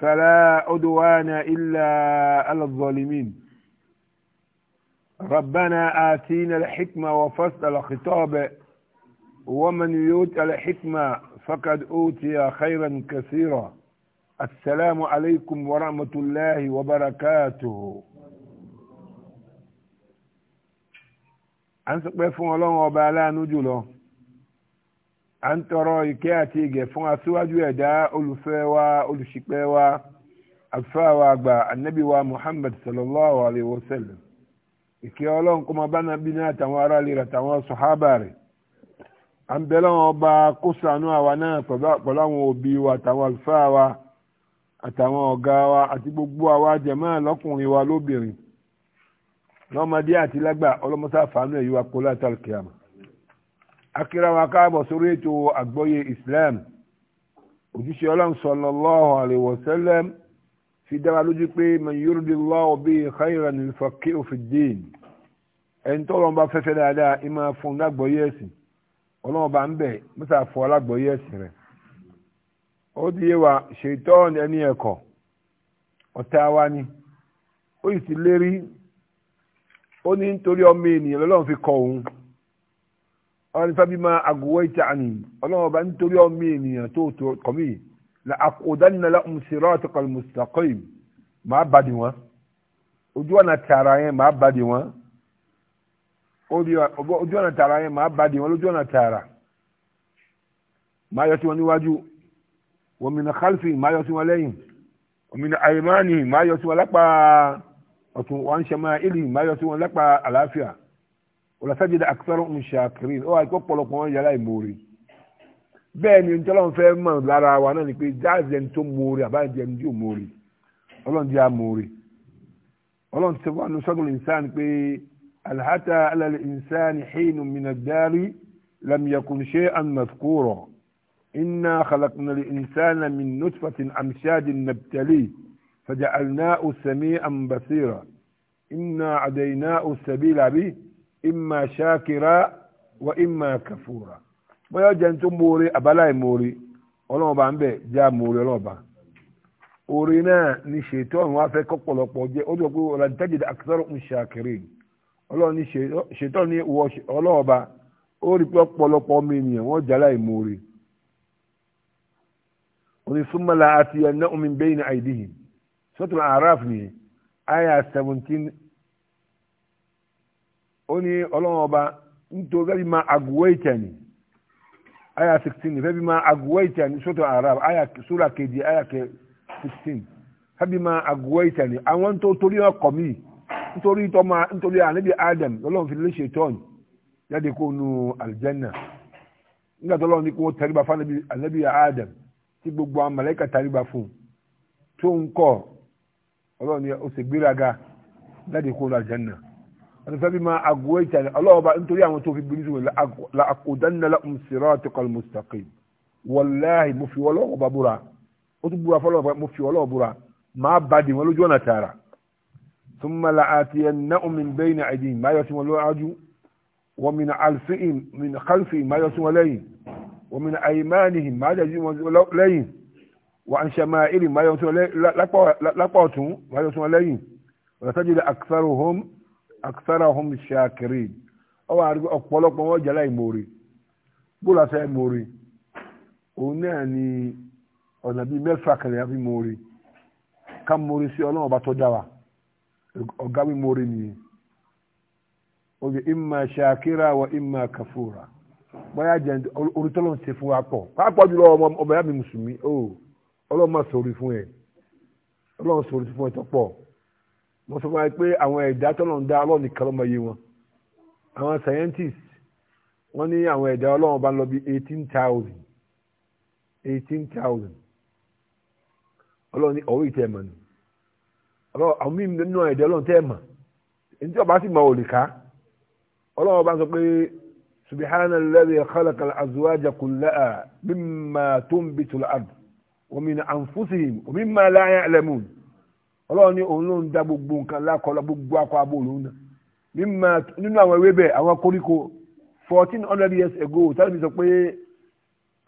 فلا عدوان إلا على الظالمين ربنا آتينا الحكمة وفصل الخطاب ومن يؤت الحكمة فقد أوتي خيرا كثيرا السلام عليكم ورحمة الله وبركاته à ń sọpẹ́ fún ọlọ́run à ń tọrọ ìkẹ́ àti ìgẹ̀ fún aṣíwájú ẹ̀dá olùfẹ́ wa olùṣìpẹ̀ wa àlùfáà wa àgbà ànábì wa muhammad sallallahu alayhi wa sallam ìkẹ́ ọlọ́run kó máa bá nàbí náà àtàwọn ará lè ràtàwọn sọ̀hábà rẹ̀ à ń bẹ̀rẹ̀ wọn ọba kó ṣàánú àwa náà wa àtàwọn àlùfáà wa àtàwọn ọ̀gá wa àti gbogbo àwa jẹ̀mọ́ lọ́kùnrin wa lóbìnrin lọ́mọdé àti lágbà ọlọ́mọsáfàánú ẹ̀yọ́ akọ́lá tàlùkìyàmà akíra wa káàbọ̀ sórí ètò àgbọ́yé islam òjíṣẹ́ ọlọ́run sallallahu alaihi wasallam fi dára lójú pé man yuridillahu bihi khayran yufaqqihhu fid-din ẹni tó lọ́n bá fẹ́fẹ́ dáadáa ìmọ̀ fún lágbọ́yé ẹ̀sìn ọlọ́run bá ń bẹ̀ mọ́sà fún alágbọ́yé ẹ̀sìn rẹ̀ ó di yé wa ṣètọ́ọ̀nù ẹni ẹ̀kọ́ ọ̀tá wa ni ó sì ti lérí ó ní nítorí ọmọ ènìyàn fi kọ òun ọlọ́run fẹ́ bí ma àgùwọ́ ìta àní ọlọ́run ọba nítorí ọmọ ènìyàn tó tó kọ́mí la àkódánilá siratakal mustaqim màá bàdì wọn ojú ọ̀nà tààrà yẹn màá bàdì wọn ojú ọ̀nà tààrà yẹn màá bàdì wọn lójú ọ̀nà tààrà màá yọ sí wọn níwájú wa min khalfi màá yọ sí wọn lẹ́yìn wa min aymani yọ sí wọn lápá ọ̀tún wọn ṣe máa ìlì màá yọ sí wọn lápá àlàáfíà wòlọ́sàjìdá àkùsọ́rọ̀ ń ṣàkírin ó wà pé ọ̀pọ̀lọpọ̀ wọn yàrá ìmoore bẹ́ẹ̀ ni ntọ́lọ́n fẹ́ mọ̀ lára wa náà ni pé jáàzì ẹni tó moore àbájáde ẹni tí ò moore ọlọ́run jẹ́ amóore ọlọ́run ti sọ́kọ́ nusọ́gùn ìnsán pé alhata alal ìnsán xeynu minadari lamiyakun ṣe an maskuro inna khalaqna li insana nabtali fajalna usami an basira adayna usabila bi. imma shakira wa imma kafura bóyá jẹ́ tó mórí abala ìmórí ọlọ́ọ̀bá ń bẹ̀ já mórí ọlọ́ọ̀bá orí náà ní ṣètò ọ̀run wá fẹ́ kọ́pọ̀lọpọ̀ jẹ́ ó dùn pé ọ̀rọ̀ tajid akthar ń ṣàkiri ọlọọba o ṣètò ní wọ ọlọ́ọ̀bá ó rí pé ọ̀pọ̀lọpọ̀ ọmọ ènìyàn wọ́n jálá ìmórí oní súnmọ́lá àti ẹ̀ná omi bẹ́yìn àìdíhìn sọ́tún àráàfù ni àyà seventeen oni ní nítorí fẹ́ bí máa àgùwé ìtẹ̀ni sixteen fẹ́ bí máa àgùwé sọ́tọ̀ arab àyà sura kejì àyà kẹ sixteen fẹ́ bí máa àgùwé àwọn tó torí ọkọ̀ mi nítorí tọ́mọ nítorí ànábì adam lọ́lọ́run fi lè ṣe tọ́ọ̀nù kó nu nígbà tó lọ́wọ́ n'i fún anabi adam tí gbogbo àwọn mọ̀lẹ́kà fún tó ni ó sì gbéraga fẹ́ bí máa àgọ́ ìtà ọlọ́ọ̀bá nítorí àwọn tó fi gbé nítorí la àkódánná lahum siratakal mustaqim wàláhì mo fi ọlọ́wọ́ bá búra ó tún búra fọlọ́wọ́ mo fi ọlọ́wọ́ búra máa bá di wọn lójú ọ̀nà tààrà thumma la'atiyannahum min bayni aydihim máa yọ sí wọn lọ́wọ́jú wa min alfihim min khalfihim máa yọ sí wọn lẹ́yìn wa min aymanihim máa yọ sí wọn lẹ́yìn wa an shama'ilihim máa yọ sí wọn lápá ọ̀tún máa yọ sí wọn lẹ́yìn wa la tajidu aktharuhum aksarahum shakirin ọwọ́ àrí ọ̀pọ̀lọpọ̀ wọn jẹ́ láìmoore bó la imori òun náà ni ọ̀nà bíi mẹ́fà kan lèyàn imori ká moore sí ọlọ́run ọba tó dá ọ̀gá oge ima shakira wa ima kafura bóyá jẹ ṣe fún wa pọ̀ jùlọ ọmọ ya mi mùsùlùmí o ọlọ́run mo sọ fún wa pé àwọn ẹ̀dá tọ́lọ̀ ń dá ọlọ́run nìkan ló mọ iye wọn àwọn scientists wọ́n ní àwọn ẹ̀dá ọlọ́run bá ń lọ bí eighteen thousand eighteen thousand ọlọ́run ní ọ̀wé ìtẹ́ ẹ̀mọ̀ ni àwọn mímu nínú ẹ̀dá ọlọ́run tẹ́ ẹ̀mọ̀ ẹni tí ọba sì mọ òrìká ọlọ́run bá sọ pé subhana alladhi khalaqa al-azwaja kullaha mimma tunbitu al-ard wa min anfusihim wa mimma la ya'lamun ọlọ́run ní òun ló ń da gbogbo nǹkan lákọlọ gbogbo akọ abo òun náà nínú àwọn ewé bẹ́ẹ̀ àwọn koríko fourteen hundred years ago táwọn mi sọ pé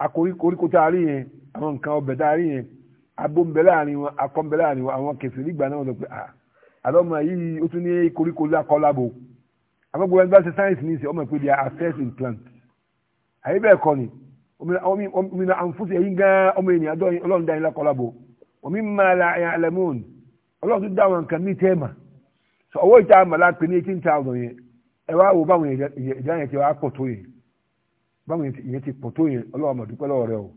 akoríko tá a rí yẹn àwọn nǹkan ọbẹ̀ tá a rí yẹn abo ń bẹ láàrin wọn akọ ń bẹ láàrin wọn àwọn kẹfìrí gbà náà sọ pé ah àlọ́mọ yìí ó tún ní koríko lákọlọ abo àwọn gbogbo ẹgbẹ́ ṣe sáyẹ́nsì ní ìsìn ọmọ ìpè dia affairs in plant àyè bẹ́ẹ̀ kọ́ ni òmìnira àǹfóṣe yìí gan ọmọ ènìyàn ọlọ́run dání lákọlọ abo òmìnira àlẹ́mọ́ọ̀nù ọlọ́run tún dá àwọn nǹkan míì tẹ́ẹ̀mà so owó ìta àmàlà pé ní eighteen thousand yẹn ẹ wá wo báwọn ìjà yẹn ti wá pọ̀ tó yẹn báwọn ìyẹn ti pọ̀ tó yẹn ọlọ́run mà dúpẹ́ lọ́wọ́ rẹ o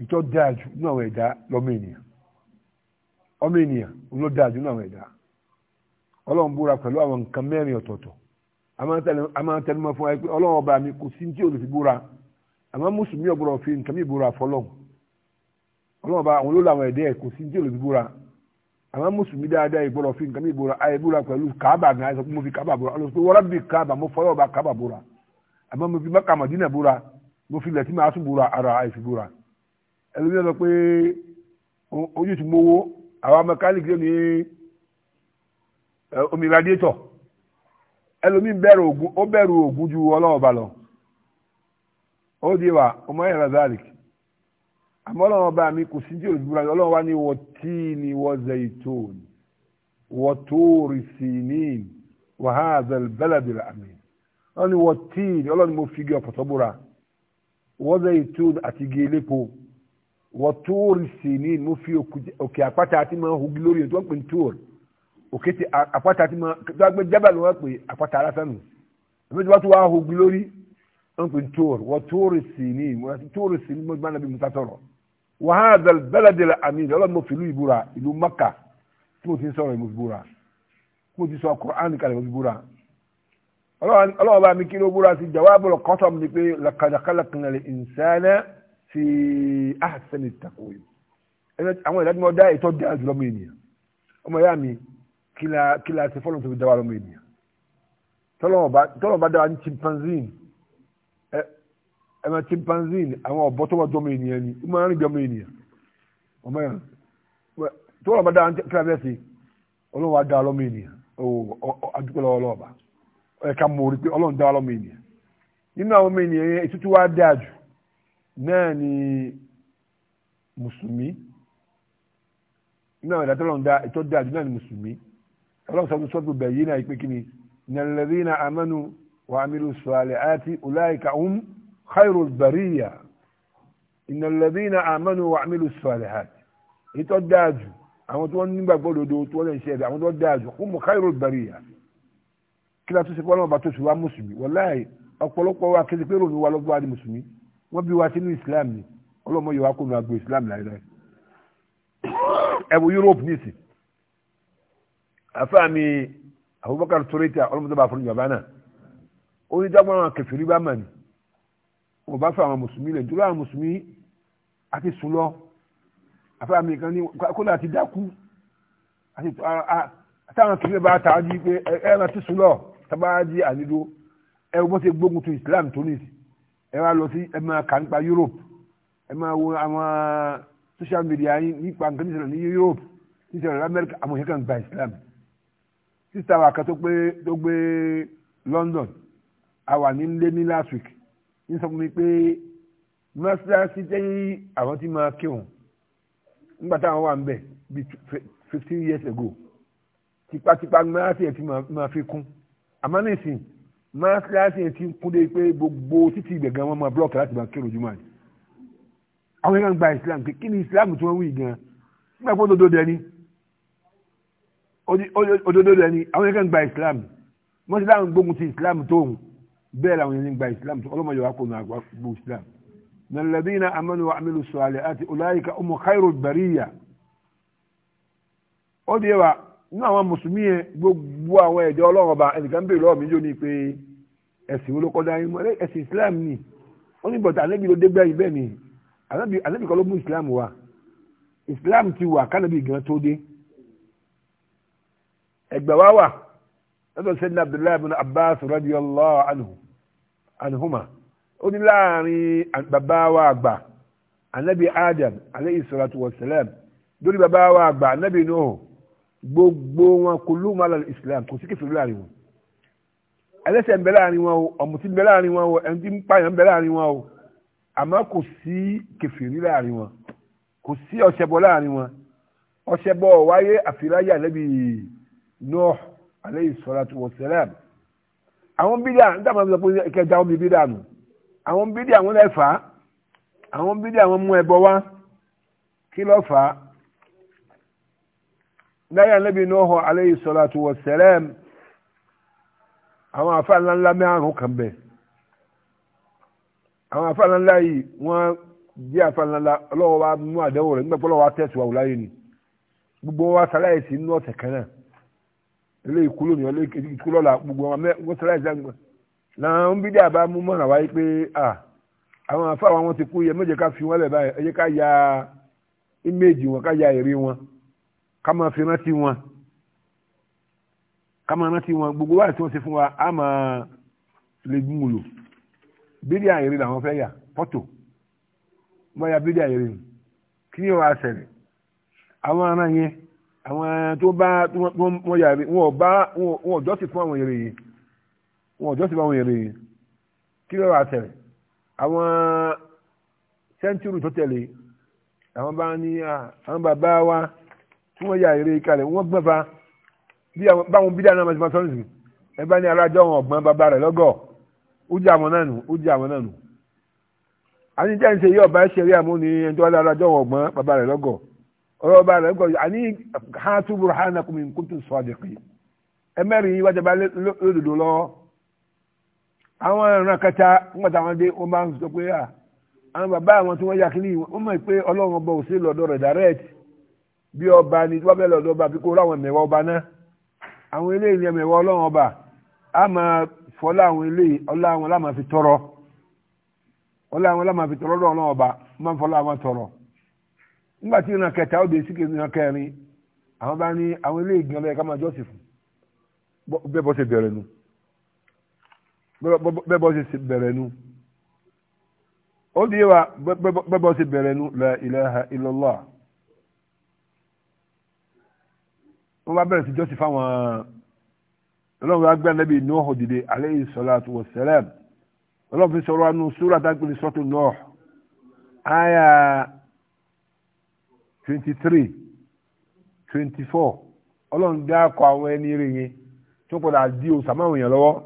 ìjọ dáa jù nínú àwọn ẹ̀dá lọ́mọ ènìyàn ọmọ ènìyàn ló dáa jù nínú àwọn ẹ̀dá ọlọ́run búra pẹ̀lú àwọn nǹkan mẹ́rin ọ̀tọ̀ọ̀tọ̀ a máa ń tẹnumọ́ fún wa pé ọlọ́run ọba mi kò sí tí olùfi búra àmọ́ mùsùlùmí ọ̀gbọ̀rọ̀ fi nǹkan mi búra fọlọ́run ọlọ́run ọba àwọn olóòlù àwọn ẹ̀dá ẹ̀ kò tí olùfi búra àwọn mùsùlùmí dáadáa ìgbọ́dọ̀ fi nǹkan mi ìbúra ayé búra pẹ̀lú kábà gan ayé sọ pé mo fi kaaba pé wọ́n ọba kaaba búra àmọ́ mo fi Mẹ́kà Mọ̀dínà búra mo fi lẹ́tí máa sùn ara àìsí búra ẹlòmí sọ pé ojú ti mowó àwọn mẹkáníìkì omi radiétọ̀ ẹlòmí bẹ̀rù ògùn ó bẹ̀rù ògùn ju ọlọ́ọ̀ba lọ ó di wa ọmọ yẹn àmọ́ ọlọ́run ọba mi kò sí tí olùbúra ọlọ́run wá ní wọ́n tí ni wọ́n zẹ ètò wọ́n tó rì sí ní wàhálà bẹ́lẹ̀dì àmì ọlọ́run ni wọ́n tí ni ọlọ́run mo fi gé ọ̀pọ̀tọ́ búra wọ́n zẹ ètò àti gé elépo wọ́n tó rì sí ní mo fi òkè àpáta àti máa hugi lórí ètò wọ́n pè ní òkè tí àpáta àti máa tó wọ́n pè jábàlì wọ́n pè àpáta alásánu àbí wọ́n tó wàhálà bẹ́lẹ̀dẹ̀ àmì ìlọ́lọ́ mo fi ìlú ìbúra ìlú maka tí mo ti ń sọ̀rọ̀ ìmọ̀fìbúra tí mo ti sọ kùránì kalẹ̀ ìmọ̀fìbúra ọlọ́wọ́ bá mi kí ló búra sí jawabul qasam ni pé laqad khalaqnal insana fi ahsani taqwim àwọn ìdájọ́ ọdá ìtọ́ dá jùlọ mọ ènìyàn ọmọ ìyá mi kí la ṣe fọ́lọ́n ẹ̀mọ chimpanzee àwọn ọ̀bọ tó wà jọmọ ènìyàn ni ó máa ń rìn jọmọ ènìyàn ọmọ yẹn tó wà lọ́ba dáa kíra bẹ́ẹ̀ sí ọlọ́run wa dá ọlọ́mọ ènìyàn adúgbò lọ́wọ́ lọ́ọ̀bà ẹ̀ka mọ̀ rí pé ọlọ́run dá ọlọ́mọ ènìyàn nínú àwọn ọmọ ènìyàn yẹn ètùtù wa dáa jù náà ni mùsùlùmí nínú àwọn ìdàtọ́ ọlọ́run dá ètò dáa jù náà ni mùsùlùmí ọlọ́run sọ́dún sọ́dún bẹ̀ yìí náà kí ni nàlẹ́rìnà àmánu wàhámílù خير البرية إن الذين آمنوا وعملوا الصالحات يتداجوا àwọn tí wọ́n nígbà gbọ́dọ̀ odò tí wọ́n lè ṣe ẹ̀dá àwọn tí wọ́n dáa jù kúmù khairul bariya kí la tó ṣe pọ́nlọ́mọba tó ṣe wá mùsùlùmí wàláhì ọ̀pọ̀lọpọ̀ wa kí n ṣe pé ròmí wa lọ́gbọ́n wa di mùsùlùmí wọ́n bí wa sínú islam ni ọlọ́mọ yóò wá kó nu agbo islam láìláì ẹ wo europe níìsì àfáà mi Abubakar torita ọlọ́mọdé bá fún yorùbá náà ó ní dágbọ́n àwọn kẹfìrí bá mà ní wọn bá fẹ́ àwọn mùsùlùmí lẹ̀ nítorí àwọn mùsùlùmí àti sùn lọ àfẹ́ràn mi kan ní kódà ti dákú àti táwọn kìíní bá ta di pé ẹ ẹ ti sùn lọ tábà di àdídó ẹ wọ́n ti gbógun tu Islam tunis ẹ wá lọ sí ẹ máa kà nípa Europe ẹ máa wo àwọn social media yín nípa nǹkan níṣẹ̀lẹ̀ ní Europe níṣẹ̀lẹ̀ Amẹ́ríkà àwọn èèyàn kan gba Islam sísá wa kan tó gbé London a wà ní lé ní last week ń sọ fún mi pé mọ́ṣáláṣí tẹ́yìn àwọn tí máa kírun nígbà táwọn wà ń bẹ̀ bíi fifteen years ago tipatipa mọ́ṣáláṣí ẹ̀ ti máa fi kún àmọ́ nísìn mọ́ṣáláṣí ẹ̀ ti kún dé pé gbogbo títí ibẹ̀ gan wọ́n máa blọ́ọ̀kì láti máa kírun jùmọ̀ ni àwọn èèyàn gba Islam pé kí ni Islam tí wọ́n wí gan nígbà pé òdodo dẹni òdodo dẹni àwọn èèyàn gba Islam mọ́ṣáláṣí gbógun ti Islam tóun bẹ́ẹ̀ làwọn yẹn ń gba islam tó ọlọ́mọ yóò wá kó nu àgbàgbó islam nàlẹ́dínà amánu wa amílù sọ̀alẹ̀ àti ọláyíká ọmọ khairu bariya ó di wa nínú àwọn mùsùlùmí yẹn gbogbo àwọn ẹ̀jọ́ ọlọ́run ọba ẹnìkan bèrè lọ́wọ́ mi jó ni pé ẹ̀sìn wo ló kọ́ dáhìn mọ́ ẹ̀sìn islam ni ó ní bọ̀tà alẹ́bí ló dé gbẹ̀yìn bẹ́ẹ̀ ni alẹ́bí kan ló mú islam wá islam ti wà kánàbí gan tó dé ẹgbẹ̀ wá wà lọ́dọ̀ sẹ́dínà abdullahi bin abbas radiyallahu anhu anhuma ó ní láàrin bàbá wa àgbà anabi adam aleyhi salatu wa salam lórí bàbá wa àgbà anabi nuhu gbogbo wọn kò ló ma lọ islam kò sí kẹfìrí láàrin wọn ẹlẹ́ṣẹ̀ ń bẹ láàrin wọn o ọ̀mùtí ń bẹ láàrin wọn o ẹni tí ń pààyàn ń bẹ láàrin wọn o àmọ́ kò sí kẹfìrí láàrin wọn kò sí ọ̀ṣẹ̀bọ láàrin wọn ọ̀ṣẹ̀bọ wáyé àfiráyà anabi nuhu aleyhi sọlátù wọ sẹlẹm àwọn bídà ń dàbà sọ pé ìkẹjà omi bídà nù àwọn bídà àwọn lè fà á àwọn bídà àwọn mú ẹbọ wá kí ló fà á láyà níbi Nuhu aleyhi sọlátù wọ sẹlẹm àwọn afa ńláńlá márùn kan bẹ àwọn afa ńláńlá yìí wọn jẹ afa ńláńlá ọlọ́wọ́ wa mú àdéhùn nígbà pé wa tẹ̀síwáwò láyé ni gbogbo wa sáláyèsí nínú ọ̀sẹ̀ kan náà ilé ikú lónìí ọlé kejì ikú lọ́la gbogbo ọmọ mẹ wọ́n sẹ́láì sáńgbọ̀n làwọn ń bí dé àbá mú mọ́nà wáyé pé àwọn afáwọn wọn ti kú yẹ méje ká fi wọn lẹ̀ báyìí ẹ jẹ́ ká ya íméèjì wọn ká ya èrè wọn ká máa fi rántí wọn ká máa rántí wọn gbogbo wáyé tí wọ́n ṣe fún wa á máa lè mú lò bídí àyèrè làwọn fẹ́ yà pọ́tò wọ́n ya bídí àyèrè kí ni wọ́n àwọn tó bá wọn yà rè wọn bá wọn ọjọ́ sì fún àwọn èrè yìí wọn ọjọ́ sì fún àwọn èrè yìí kí ló wà tẹ̀lé àwọn sẹ́ńtúrì tó tẹ̀lé àwọn bá ní àwọn bàbá wa tí wọ́n yà èrè kalẹ̀ wọ́n gbọ́n fa bí àwọn báwọn bídà náà máa sọ́nù sí ẹ bá ní alájọ́ wọn ọ̀gbọ́n bàbá rẹ̀ lọ́gọ̀ ó jẹ́ àwọn náà nù ó jẹ́ àwọn náà nù àti jẹ́ ń ṣe yí ọ̀bá ṣẹ̀rí àmúni ẹni tó wá lára alájọ́ wọn ọ̀gbọ́n bàbá rẹ̀ lọ́gọ̀ọ́ ọ̀rọ̀ ọba rẹ̀ gbọ́dọ̀ àní hatu burhanakum in ha sadiqin ẹ̀mẹ́rin yìí wájà bá lódodo lọ. awọn ìran kacha nígbà táwọn dé wọn bá ń sọ pé àwọn bàbá àwọn tí direct ọba ni tí wọ́n fẹ́ ọba bí ọba náà àwọn eléyìí ni ọba fi tọrọ fi tọrọ nígbà tí ìran kẹta ó bèé síkè ìran kẹrin àwọn bá ní àwọn ilé ìgbìyànjú ẹ̀ka máa jọ́sìn fún bẹ́ẹ̀ bọ́ ṣe bẹ̀rẹ̀ nu bẹ́ẹ̀ bọ́ ṣe bẹ̀rẹ̀ nu ó di wa bẹ́ẹ̀ bọ́ ṣe bẹ̀rẹ̀ nu la ilaha illallah wọ́n bá bẹ̀rẹ̀ sí jọ́sìn fáwọn ọlọ́run wa gbẹ́ nẹ́bí Nuhu dìde aleyhi salatu wa salam ọlọ́run fi sọ̀rọ̀ anú súrà tá a gbé ní sọ́tò Nuhu aya twenty three twenty four ọlọ́run dá akọ àwọn ẹni rẹ̀ yẹn tó padà di òsàmáwò yẹn lọ́wọ́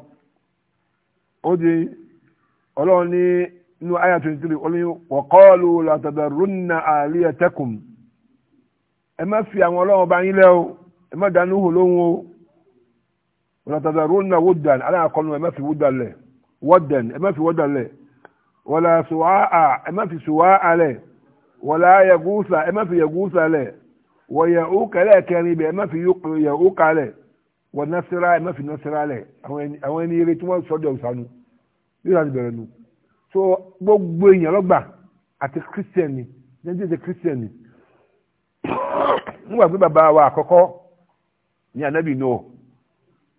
ó di ọlọ́run ní inú àyà twenty three ó ní wọ́kọ́ọ̀lù làtàdàrúnà àlìyàtẹ́kùn ẹ má fi àwọn ọlọ́run bá yín lẹ́ o ẹ má dànù hù lóhùn o làtàdàrúnà wúdàn aláàkọ́nù ẹ má fi wúdàn lẹ̀ wọ́dàn ẹ má fi wọ́dàn lẹ̀ wọ́lá sùwàá ẹ má fi sùwàá lẹ̀. wọlá yagusa ẹ fi yagusa lẹ̀ wọ̀yà òkà lẹ́ẹ̀kẹrin ibẹ̀ ẹ má fi yà òkà lẹ̀ wọ̀ nasira ẹ má fi nasira lẹ̀ àwọn ẹni eré tí wọ́n sọ́dọ̀ ọ̀sán nu yóò láti bẹ̀rẹ̀ nu so gbogbo èèyàn lọ́gbà àti christian ni jẹ́jẹ́ ti christian ni nígbà pé bàbá wa àkọ́kọ́ ni anabi noah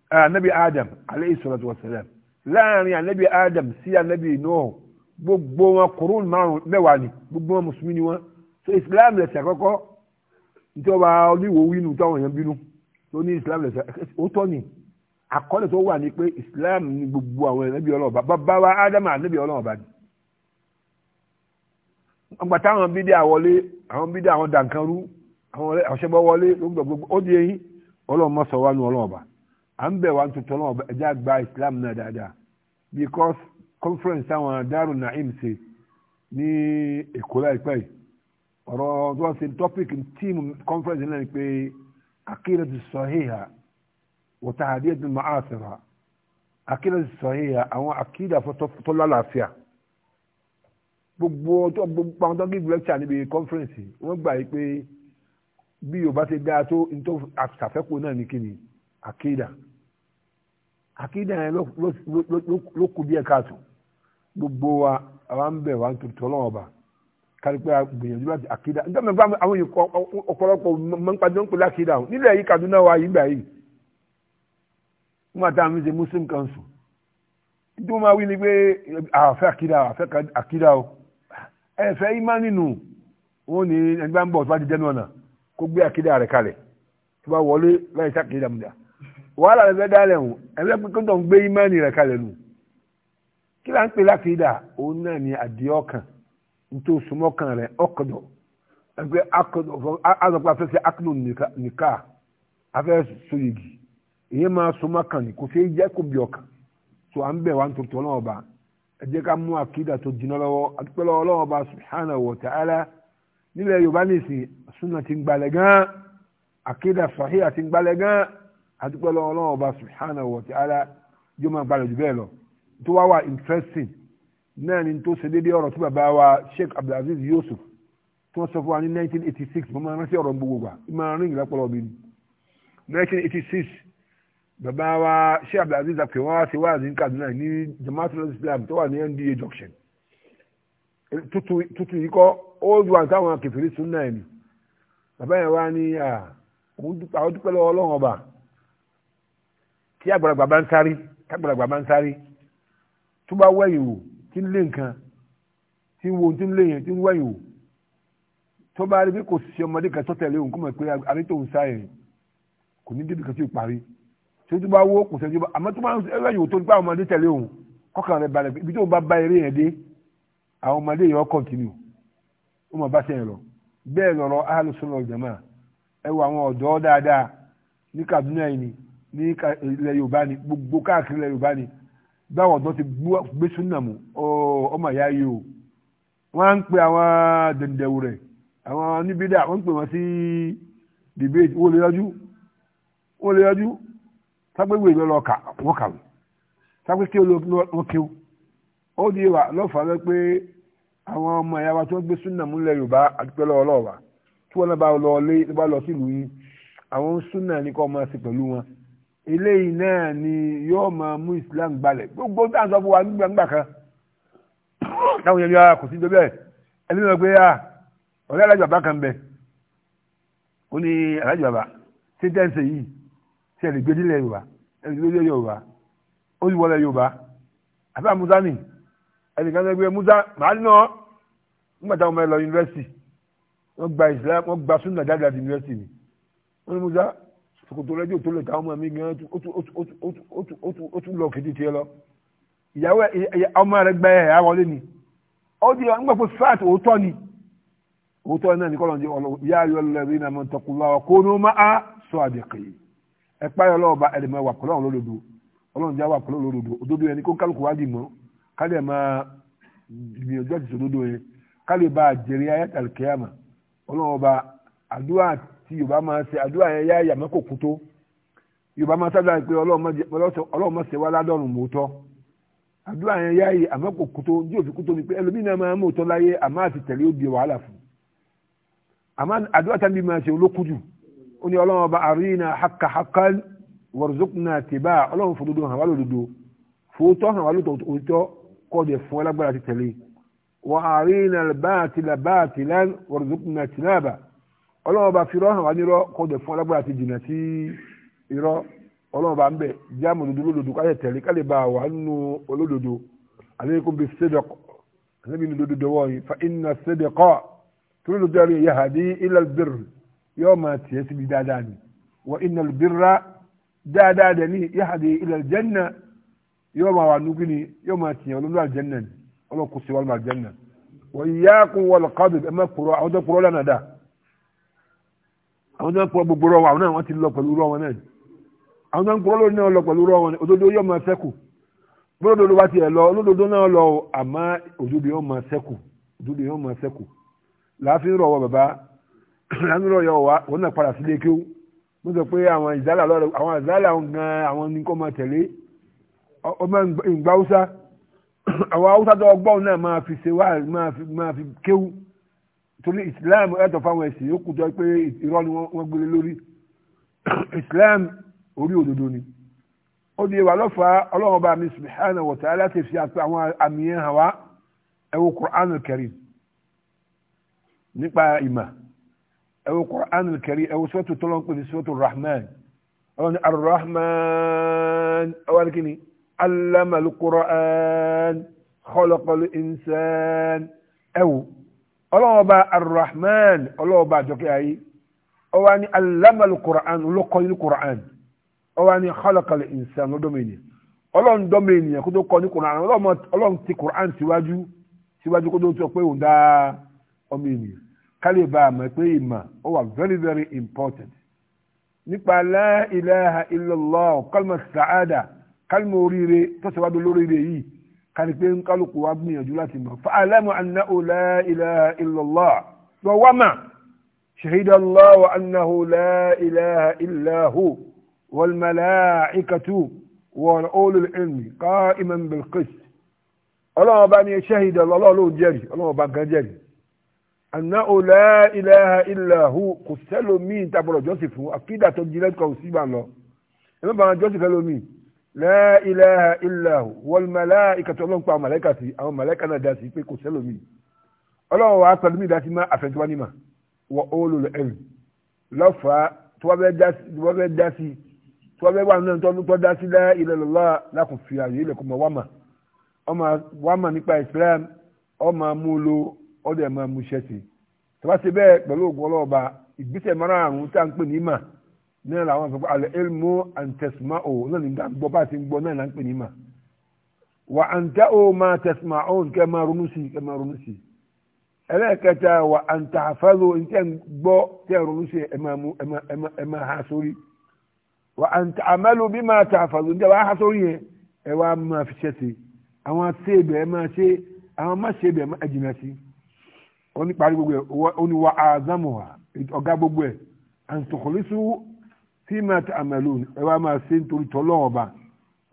anabi adam aleyhi salatu wa salam láàrin anabi adam si anabi noah. gbogbo wọn kùrún márùn mẹ́wàá ni gbogbo wọn mùsùlùmí ni wọn so islam lẹ̀sẹ̀ àkọ́kọ́ ìjọba oníwò wínú táwọn èèyàn bínú tó ní islam lẹ̀sẹ̀ òótọ́ ni àkọọ́lẹ̀ tó wà ní pé islam ni gbogbo àwọn ẹ̀nẹ́bí ọlọ́ọ̀bá bàbá wa ádámà ẹ̀nẹ́bí ọlọ́ọ̀bá ni. ọgbà táwọn bídé àwọlé àwọn bídé àwọn dànkanrú àwọn ọ̀ṣẹ́bọ wọlé gbogbo ó di eyín ọlọ́ọ̀mọ sọ wa nu ọlọ́ọ̀bá à ń bẹ̀ wá tuntun ọlọ́ọ̀bá ẹ̀já gba islam náà dáadáa because conference táwọn Daaru Naim ṣe ní Èkó láìpẹ́ yìí ọ̀rọ̀ tí wọ́n ṣe topic team conference náà ni pé akílẹ̀tì sọ̀híhà wọ́tá àdéhùn máa sẹ̀rà akílẹ̀tì sọ̀híhà àwọn akídà tó lálàáfíà gbogbo ọjọ́ gbogbo àwọn tó ń níbi conference wọ́n gbà yí pé bí yorùbá ṣe dáa tó nítorí àṣàfẹ́kù náà ní kíni akídà akídà yẹn ló kù díẹ̀ káàtó gbogbo wa àwa ń bẹ̀ wá ń tòtò ọlọ́wọ́ ọba kárípẹ́ gbìyànjú láti àkídà nígbà mẹ́fà àwọn èèyàn ọ̀pọ̀lọpọ̀ mọ́npadà ń pè lákìdá nílẹ̀ yìí Kaduna wa yìí gbà yìí nígbà tá à ń ṣe Muslim Council tí wọ́n máa wí ni pé àfẹ́ àkídà àfẹ́ àkídà o ẹ̀fẹ́ ìmánì nù wọ́n ní ẹgbẹ́ ń bọ̀ tó bá ti jẹ́nu ọ̀nà kó gbé àkídà rẹ̀ kalẹ̀ tó bá wọlé láì sàkídà mùdà wàhálà rẹ̀ fẹ́ dálẹ̀ hùn ẹ̀fẹ́ pé kó kí la ń pè lákìdá òun náà ni àdìọ́kàn nítorí sùmọ́kàn rẹ̀ ọ̀kọ̀dọ̀ ẹgbẹ́ azọ̀pá afẹ́fẹ́ akínú nìka afẹ́ sọ̀yẹ̀gì ìyẹn máa sùmọ́kàn ni kò sí jẹ́ kó bí ọkàn tó à ń bẹ̀ wá ń tòótọ́ náà bá ẹ jẹ́ ká mú àkìdá tó jiná lọ́wọ́ àdúpẹ́lọ́ ọlọ́wọ́ bá subhanahu wa ta'ala nílẹ̀ yorùbá nìsín súnà ti ń gbalẹ̀ gan ti ń gbalẹ̀ gan àdúpẹ́lọ́ tó wá wà interesting náà ni tó ṣe déédéé ọ̀rọ̀ tí bàbá wa Sheikh Abdulaziz Yusuf tí wọ́n sọ fún wa ní 1986 mo máa rántí ọ̀rọ̀ gbogbo gbà máa rìn ìlọ́pọ̀lọ́ mi ni 1986 bàbá wa Sheikh Abdulaziz akẹ́ wọ́n wá sí wáàzí ní Kaduna ní Jamaatul Islam tó wà ní NDA junction tutu yìí kọ́ old ju àtàwọn akẹ́fẹ́rí sún náà ni bàbá yẹn wá ní àwọn dúpẹ́ lọ́wọ́ ọlọ́run ọba tí àgbàlagbà bá ń sáré tí àgbàlagbà bá ń sáré tó bá wẹ̀yìn wò tí ń lé nǹkan tí ń wo tí ń lé yẹn tí ń wẹ̀yìn wò tó bá rí bí kò sí ọmọdé kan tó tẹ̀lé òun kó mọ̀ pé àrí tó ń sá yẹn kò ní débi kan tí ì parí tí ó tó bá wó kò sẹ́jú bá àmọ́ tó bá wẹ̀yìn wò tó ń gbá ọmọdé tẹ̀lé òun kọ́kàn rẹ̀ balẹ̀ ibi tó bá bá eré yẹn dé àwọn ọmọdé yẹn ọkọ̀ kìnnìún ó mọ̀ bá sẹ́yìn lọ bẹ́ẹ̀ lọ́rọ̀ alùsùnlọ̀ jẹ̀mọ́ ní ilẹ̀ Yorùbá ni gbogbo káàkiri ilẹ̀ Yorùbá ni báwọn ọ̀dọ́ ti gbé súnà mú ọmọ ìyá yìí o wọ́n á ń pe àwọn dẹ̀ndẹ̀wò rẹ̀ àwọn oníbídà wọ́n ń pè wọ́n sí debate wọ́n lè yọjú wọ́n lè yọjú sápẹ́wé ló lọ́ọ́ kà wọ́n kàwé sápẹ́ kí wọ́n kí ó di wa lọ́fà lọ pé àwọn ọmọ ìyá wa tí wọ́n gbé súnà mú lẹ̀ Yorùbá àdúpẹ́ lọ́wọ́ lọ́wọ́ wa tí wọ́n náà bá lọ lé bá lọ sílùú yìí àwọn súnà ní kọ́ máa ṣe pẹ̀lú wọn eléyìí náà ni yóò máa mú islam gbalẹ̀ gbogbo tá à ń sọ fún wa nígbàgbà kan táwọn yẹn ní ara ah, kò sí tó bẹ́ẹ̀ ẹni náà pé ah, ọ̀rẹ́ alájọ bàbá kan bẹ ó ní alájọ bàbá ṣé tẹ́ǹsì yìí ṣe lè gbé nílẹ̀ yorùbá ẹ lè gbé nílẹ̀ yorùbá ó sì wọlé yorùbá àbá musa nì ẹnìkan tó gbé musa màá nà ọ́ nígbà táwọn ọmọ ẹ lọ yunifásitì wọ́n gba islam wọ́n gba sunna dáadáa di yunifásitì ni ó ní musa ṣòkòtò rẹ́díò tó lọ táwọn ọmọ mi gan ó tún lọ kéde tiẹ̀ lọ ìyàwó ọmọ rẹ gbẹ ẹ̀ àwọlé ni ó di àwọn gbàgbọ́ fat òótọ́ ni òótọ́ náà ní kọ́lọ́n di ọlọ́wọ́ yá ayọ́ lẹ́rú iná mọ́ tọkùnlá ọkọ́ ní ó máa sọ àdìkì ẹ páyọ ọlọ́ọ̀ba ẹ̀rẹ̀ mọ́ wà pẹ̀lú àwọn olódodo ọlọ́run jẹ́ wà pẹ̀lú olódodo òdodo yẹn ni kó kálukú wá dì mọ́ kálí ẹ̀ máa gbìyànjú àti sòdodo yẹn kálí bá jèrè ayẹ́tàlì kẹ́yàmà ọlọ́ọ̀ba àdúrà tí yorùbá máa ṣe àdúrà yẹn yáyà mẹ́kò kú tó yorùbá máa sábà pé ọlọ́run má ṣe wá ládọ́rùn mọ́tọ́ àdúrà yẹn yáyà àmọ́ kò kú tó ní òfin kú tó ni pé ẹlòmínà máa mú òtọ́ láyé àmọ́ àti tẹ̀lé ó di wàhálà fún àmọ́ àdúrà tábí máa ṣe olókù jù ó ní ọlọ́run ọba àríyìnà haka haka warzuqna tìbá ọlọ́run fòdodo hàn wá lòdodo fòótọ́ hàn wá lòtọ́ kọ́ọ̀dù ọlọ́run ọba fi rọ́hàn wá nírọ́ kó dẹ̀ fún alágbára ti jìnnà sí irọ́ ọlọ́run ọba ń bẹ̀ jáàmù lòdòdó lòdòdó ká lè tẹ̀lé ká lè bá wà nínú olódodo àlékún bíi sédèkọ àlébi ní lòdòdó dọwọ́ yìí fa iná sédèkọ torí lòdòdó rẹ̀ yà hàdí ilẹ̀ bìr yóò máa tiẹ̀ síbi dáadáa ni wà iná bìrra dáadáa dẹ̀ ní yà hàdí ilẹ̀ jẹ́nà yóò máa wà nùgbì ni yóò máa tiẹ̀ olódò àjẹ́nà ni ọlọ́kùsí wàlúmọ̀ àjẹ́nà wà ìyá kún wọlé kábì ẹ má kúrò àwọn tó kúrò lánàá dáa àwọn tó ń pọ gbogbo rọ wọn àwọn náà wọn ti lọ pẹ̀lú rọ wọn náà àwọn tó ń pọ lórí náà lọ pẹ̀lú rọ wọn òdodo yóò máa ṣẹ́kù bólódodo bá tiẹ̀ lọ olódodo náà lọ àmọ́ òdodo yóò máa ṣẹ́kù òdodo yóò máa ṣẹ́kù láàfin rọ̀ wọ bàbá láàfin rọ̀ yọ òun náà padà sílé kéwú mo sọ pé àwọn ìzálà lọ́rọ̀ àwọn ìzálà gan àwọn ní kó máa tẹ̀lé ọmọ ìgbà haúsá àwọn haúsá torí islam ẹ̀tọ́ fáwọn ẹ̀sìn yókù jọ pé irọ́ ni wọ́n gbélé lórí islam orí òdodo ni ó di wà lọ́fà ọlọ́run bá mi subhanahu wa ta'ala ti fi àpè àwọn àmì yẹn hàn wá ẹ wo Qur'an al-Karim nípa ìmọ̀ ẹ wo Qur'an al-Karim ẹ pè ní sọ́tò rahman ọlọ́run ní ar ọwọ́ ní kíni allama al-Qur'an khalaqa al-insan ẹ wo ọlọ́wọ́n ọba arrahman ọlọ́wọ́n ọba àjọkẹ́ ayé ọwọ́ ni alamalu qur'an olókọ́ ní qur'an ọwọ́ ni khalaqal insan lọ́dọ́mẹ́ni ọlọ́run dọ́mẹ́ni kó tó kọ́ ní qur'an ọlọ́run ti qur'an síwájú síwájú kó tó tó pé òun dá ọmọ kálí bá a mọ̀ pé ìmọ̀ ó wà very very important nípa la ilaha illallah kálmà sàádà kálmà oríire tó ṣe wá do lóríire yìí kárí pé ń kálukú wa gbìyànjú láti mọ̀ fa alamu annahu la ilaha illallah lọ wá mà shahida allahu annahu la ilaha illahu wal malaikatu wal ulul ilmi qa'iman bil qist ọlọ́run bá ní shahida lọ́lọ́ ló jẹ́rìí ọlọ́run bá gan jẹ́rìí annahu la ilaha illahu kò sẹ́lómi ìtàbọ̀rọ̀ jọ́sìn akídà tó jí lẹ́kọ̀ọ́ sí ìbànú ẹ má bàa jọ́sìn la ilaha illa hu wal malaikatu ọlọ́run pa màláìka sí àwọn màláìka náà dá sí pé kò sẹ́lómi ọlọ́run wa pẹ̀lú mi dá sí má àfẹ́ntiwá ní mà wọ olùl ẹ̀rù lọ́fà tí wọ́n fẹ́ dá sí tí wọ́n fẹ́ wà nínú tó tó dá sí la ilaha illallah lákùn fi àyè ilẹ̀kùn mọ́ wàmà ọmọ wàmà nípa Islam ọmọ amúlo ọdẹ ẹ̀ máa mú ṣẹ́sì tí wọ́n ti bẹ́ẹ̀ pẹ̀lú náà làwọn sọ pé alẹ́ elmo antesma o náà ní gbọ́ bá ti ń gbọ́ náà là ń pè ní mà wà àǹtá o máa tẹ̀sìmá o kẹ́ máa ronú sí kẹ́ máa ronú sí ẹlẹ́ẹ̀kẹta wà àǹtá àfẹ́lò ní tẹ́ ń gbọ́ tẹ́ ronú sí ẹ máa mú ẹ máa ha sórí wà àǹtá àmẹ́lò bí máa tà àfẹ́lò ní wàá ha sórí yẹn ẹ wàá máa fi ṣẹ́ sí àwọn àti ẹ̀bẹ̀ ẹ máa ṣe àwọn má ṣe bẹ̀rẹ̀ má jìnà sí ó ní ní wa àzámù wa ọ̀gá fíìmà àmàlùn ẹ wá máa ṣe nítorí tọ́lọ́ọ̀ba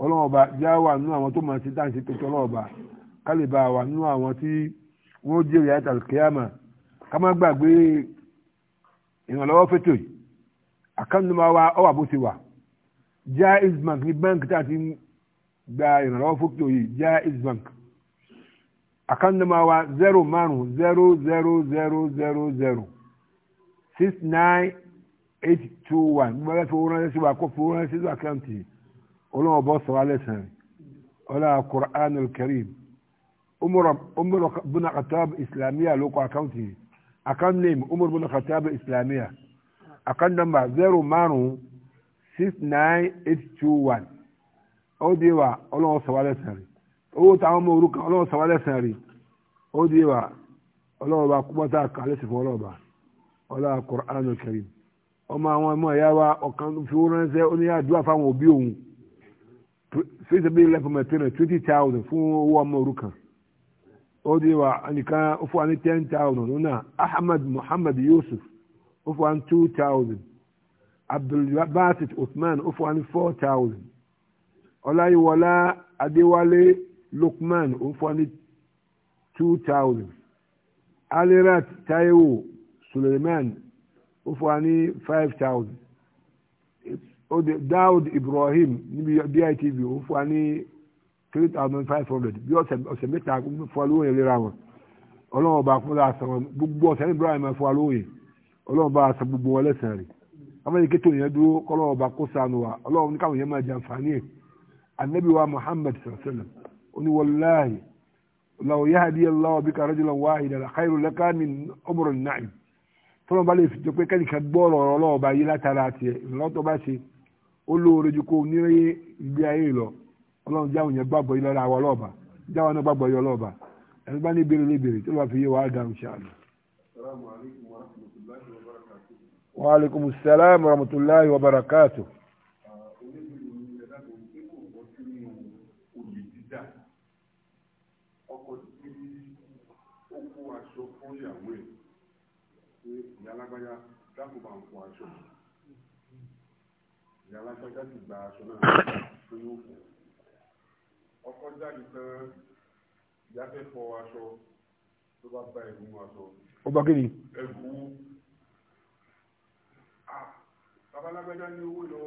ọlọ́ọ̀ba já wà nínú àwọn tó máa ṣe dáǹṣe tó tọ́lọ́ọ̀ba kálíbà wà nínú àwọn tí wọ́n jèrè àtàlùkíyàmà ká má gbàgbé ìrànlọ́wọ́ fẹ́tò yìí àkànnùmá wa ọ̀wà bó ti wà já isbank ní báńkì tá a ti gba ìrànlọ́wọ́ fẹ́tò yìí já isbank àkànnùmá wa zero márùn zero zero zero zero zero six nine eight two one bí wọ́n bá fi owó ránṣẹ́ sí wa kó fi owó ránṣẹ́ sí àkáǹtì olóhùn bọ́ sọ alẹ́ sàn ọlá Qur'an al-Karim Umar bin Khattab islamiyya ló kọ àkáǹtì account name Umar bin Khattab islamiyya account number zero márùn six nine eight two one ó di wa olóhùn sọ alẹ́ sàn owó táwọn ọmọ orúkọ olóhùn sọ alẹ́ sàn rí ó di wa olóhùn bá kúmọ́tà kálẹ́sì fún olóhùn bá ọlá Qur'an al-Karim ọmọ àwọn ọmọ ẹ̀yà wa ọ̀kan fi wọ́n ránṣẹ́ ó ní àdúrà fáwọn òbí òun fèsì bí ilẹ̀ fọmọ twenty thousand fún owó ọmọ òrukàn ó di wa nìkan ó fún wa ní ten thousand ó náà Ahmad Muhammad Yusuf ó fún wa ní two thousand Abdulbasit Uthman ó fún wa ní four thousand Ọláyíwọlá Adéwálé Lukman ó fún wa ní two thousand Alirat Taiwo Suleiman ó fún wa ní five thousand Daoud Ibrahim níbi DITV ó fún wa ní three thousand five hundred lera wọn ọlọ́run ọba fún wa sàn gbogbo ní Ibrahim fún wa lóyè ọba sàn gbogbo wọn lẹ́sàn-án rẹ̀ amẹ́ni kí dúró kọ́lọ́run ọba kó sànù wa ọlọ́run ní káwọn yẹn máa anabi wa sallam yahadi rajulan tọ́lọ́ bá lè fìjọ pé kẹ́nìkan gbọ́ọ̀rọ̀ ọlọ́wọ́ bá yé látara tiẹ̀ ìrànlọ́tọ́ bá ṣe ó lóore ju kó onírèyé ilé ayé lọ ọlọ́run jáwọn yẹn gbàgbọ́ yìí lọ́la àwọn ọlọ́ọ̀bà jáwọn náà gbàgbọ́ yìí ọlọ́ọ̀bà ẹni bá ní béèrè lè béèrè tó lọ́ọ́ fi yé wàá dáhùn ṣáàlù. wa wa rahmatulahi wa barakatuh. alágbájá dákùn bá ń fọ aṣọ ìyá alágbájá ti gba aṣọ náà tó yóò fọ ọkọ jáde tán ìyá fẹ́ fọ aṣọ tó bá gba ẹ̀gún aṣọ. ó bá kéde. ẹ̀gún bàbá alágbájá ní owó lọ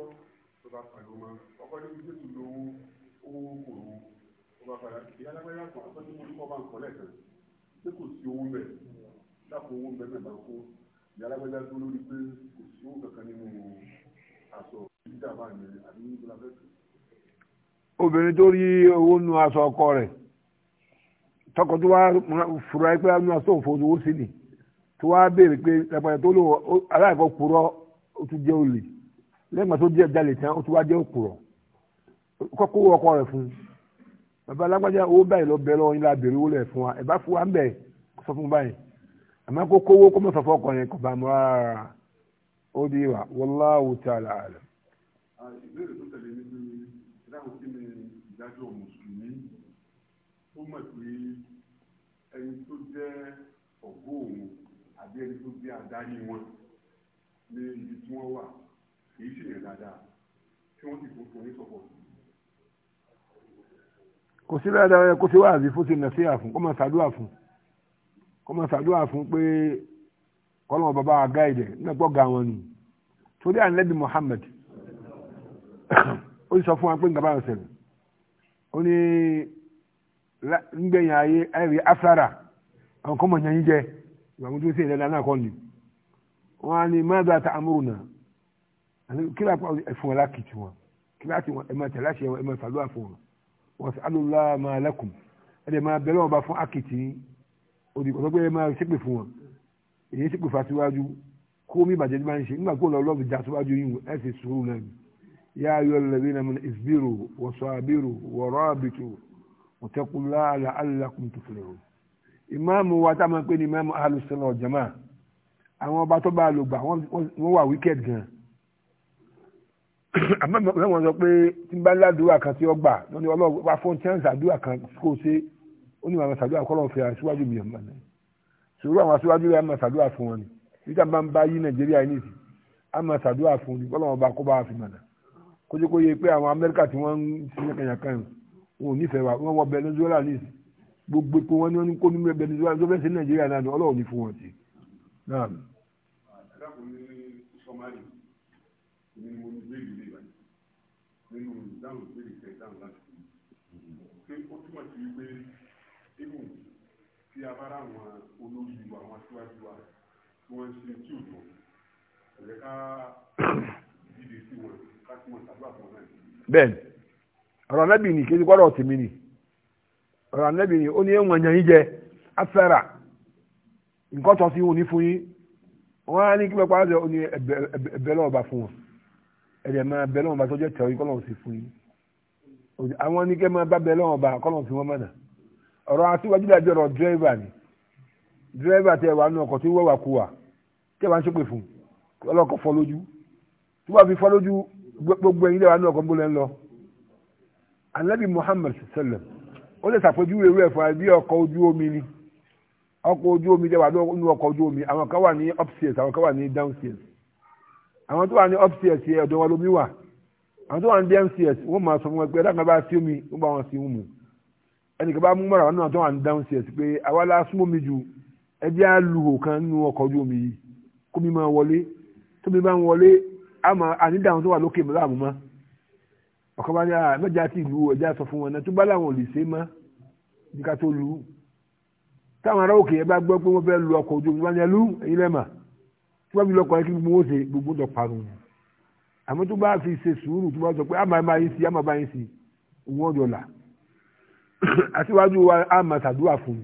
tó bá pàdé wọn ọkọ níbi tó ti lo owó kò owó tó bá padà ìyá alágbájá kan ọkọ níbi tó kọ́ bá ń kọ́ lẹ́ẹ̀kan tí kò sí owó mẹ́ẹ̀ dákun owó mẹ́ẹ̀ mẹ́ẹ̀ kó ìyálágbẹ́dá tó lórí pé kò sí owó kankan nínú aṣọ ìdíjà máa ní àbí nígbà fẹ́ẹ́ obìnrin tó rí owó nu aṣọ ọkọ rẹ̀ tọkọ tó wá fura pé àwọn aṣọ òfòdówó sí ni tó wá béèrè pé ẹgbẹ̀rún tó lò aláìkọ́ kúrọ́ ó tún jẹ́ olè lẹ́gbà tó jẹ́ jalè tán ó tún wá jẹ́ òkúrọ̀ kọ́kọ́ owó ọkọ rẹ̀ fún un bàbá alágbájá owó báyìí lọ bẹ̀rẹ̀ ọyìn la bèrè owó rẹ̀ fún wa ẹ̀ bá fún wa ń bẹ̀ sọ fún báyìí àmọ́ kó kówó kó mọ̀ fọ́fọ́ kan yẹn kò o mu rárá ó di wa wallahu ta'ala alam. ìbéèrè tó tẹ̀lé ní bí ìdáhùn sí ni ìdájọ́ mùsùlùmí tó mọ̀ pé ẹni tó jẹ́ ọ̀gá òun àbí ẹni tó jẹ́ adarí wọn ní ibi tí wọ́n wà kì í ṣèyàn dáadáa tí wọ́n sì fún ní sọ̀pọ̀. kò sí dáadáa kó ṣe wáàzì fún ti nà sí àfún kó máa ṣàdúrà fún un. kọ́mọ sàdúrà fún pé kọ́lọ́mọ bàbá ga wọn ni torí ó sọ fún wa pé nǹkan bá ń ó ní ngbẹ̀yìn ayé àwọn jẹ náà ni á ní ta amúrù náà kí ló àpá ẹ̀fún ẹ̀ wọn kí láti wọn ẹ̀ máa tẹ̀ wọn ẹ̀ sàdúrà fún wọn máa lẹ́kùn máa bẹ̀rẹ̀ wọn bá òdìkọ̀ sọ pé ẹ máa ṣépè fún wọn èyí ṣépè fà síwájú kó mi bàjẹ́ máa ń ṣe nígbà kó lọ lọ́ọ̀bì já síwájú yìí ẹ sì sùúrù náà ni yá ayọ́ lẹ́bí náà mọ́ni ìsbírò wọ̀sọ̀ àbírò wọ̀rọ̀ àbìtò ọ̀tẹ́kùnlá àlà alákùn tó fìlẹ̀ wọn. ìmáàmù wa tá a máa ń pè ní ìmáàmù alùsọ̀nà ọ̀jàmá àwọn ọba tó bá a lò gbà wọ́n wà wíkẹ́ẹ̀d gan. àmọ́ mẹ́wọ̀n sọ pé tí n bá ládùúrà kan tí ó gbà lọ́ni ọlọ́wọ́ ó ní àwọn àṣàdúrà kọ́lọ̀ fẹ́ aṣíwájú mi ọ̀mọ́ náà ṣòro àwọn aṣíwájú rẹ̀ àmọ́ àṣàdúrà fún wọn ni nígbà máa ń bá yí nàìjíríà ni bọ́lá wọn bá kó bá fi mọ̀nà kójú kó yẹ pé àwọn amẹ́ríkà tí wọ́n ń ṣe kànyàkànyàn wọn ò nífẹ̀ẹ́ wa wọ́n wọ Venezuela nìsí gbogbo epo wọn ni wọ́n kó ní Venezuela tó fẹ́ ṣe nàìjíríà náà ni ọlọ́run ní fún wọn ti. nínú ìdáhùn ìbéèrè kẹta láti ṣe ó túmọ̀ sí wípé even tí a bá rà wọn olórí wa wọn wa tí wọ́n ṣe tí ò tọ́ kò ká dìde sí wọn wọn tàbí àpò náà. ni kejì gbọ́dọ̀ tì ni ni ó ní ẹ̀wọ̀n ẹ̀yàn yín jẹ afẹ́ra nǹkan tó sí òní fún yín á ní kí pa ọ̀rọ̀ aṣíwájú dàbí ọ̀rọ̀ dírẹ́fà ni dírẹ́fà tẹ wà nù ọkọ̀ tí wọ́n wà kú wa tẹ wà ń ṣépè fún ọlọ́kọ̀ fọ́ lójú tí wọ́n fi fọ́ lójú gbogbo ẹ̀yin dẹ̀ wà nù ọkọ̀ gbólẹ̀ ńlọ. anabi muhammad sallam ó lè ṣàpèjúwe ewé ẹ̀fọ́ bí ọkọ̀ ojú omi ni ọkọ̀ ojú omi dẹ̀ wà nù ọkọ̀ ojú omi àwọn kan wà ní upstairs àwọn kan wà ní downstairs àwọn tó wà ní upstairs yẹ ọ̀dọ̀ wọn lómi wà àwọn tó wà ní downstairs wọ́n máa sọ fún wọn pé ẹ̀dá kan bá sí omi ó bá wọn sí wọn mú ẹnìkan bá mú mọ́ra wọn náà tó wà ní downstairs pé àwa la súnmọ́ mi jù ẹ jẹ́ àlù òkan nínú ọkọ̀ ojú omi yìí kó mi máa wọlé tó mi máa ń wọlé ànídàwọn tó wà lókè mi láàmú mọ́ ọ̀kan bá ní mẹ́jà ti ìlú ẹ̀já sọ fún wọn náà tó bá láwọn ò lè ṣe mọ́ ní ká tó lù táwọn ará òkè yẹn bá gbọ́ pé wọ́n fẹ́ lu ọkọ̀ ojú omi wọn ni ẹlú ẹ̀yin lẹ́mà tí wọ́n fi lọ́kọ̀ yẹn kí gbogbo wọn ṣe gbogbo tó parun aṣíwájú wa á máa ṣàdúrà fún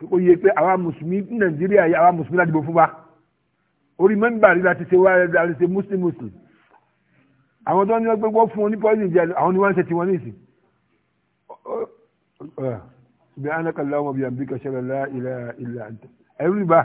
un ó yẹ pé àwa mùsùlùmí ní nàìjíríà yìí àwa mùsùlùmí láti bò fún wa orí mẹ́mbà rí láti ṣe muslim muslim àwọn tó ń yọ pé wọ́n fún wọn ní poison jẹ àwọn ni wọ́n ń ṣe tiwọn nísìn. subhanaka allahumma wa bihamdika ashhadu an la ilaha illa anta ẹ̀rù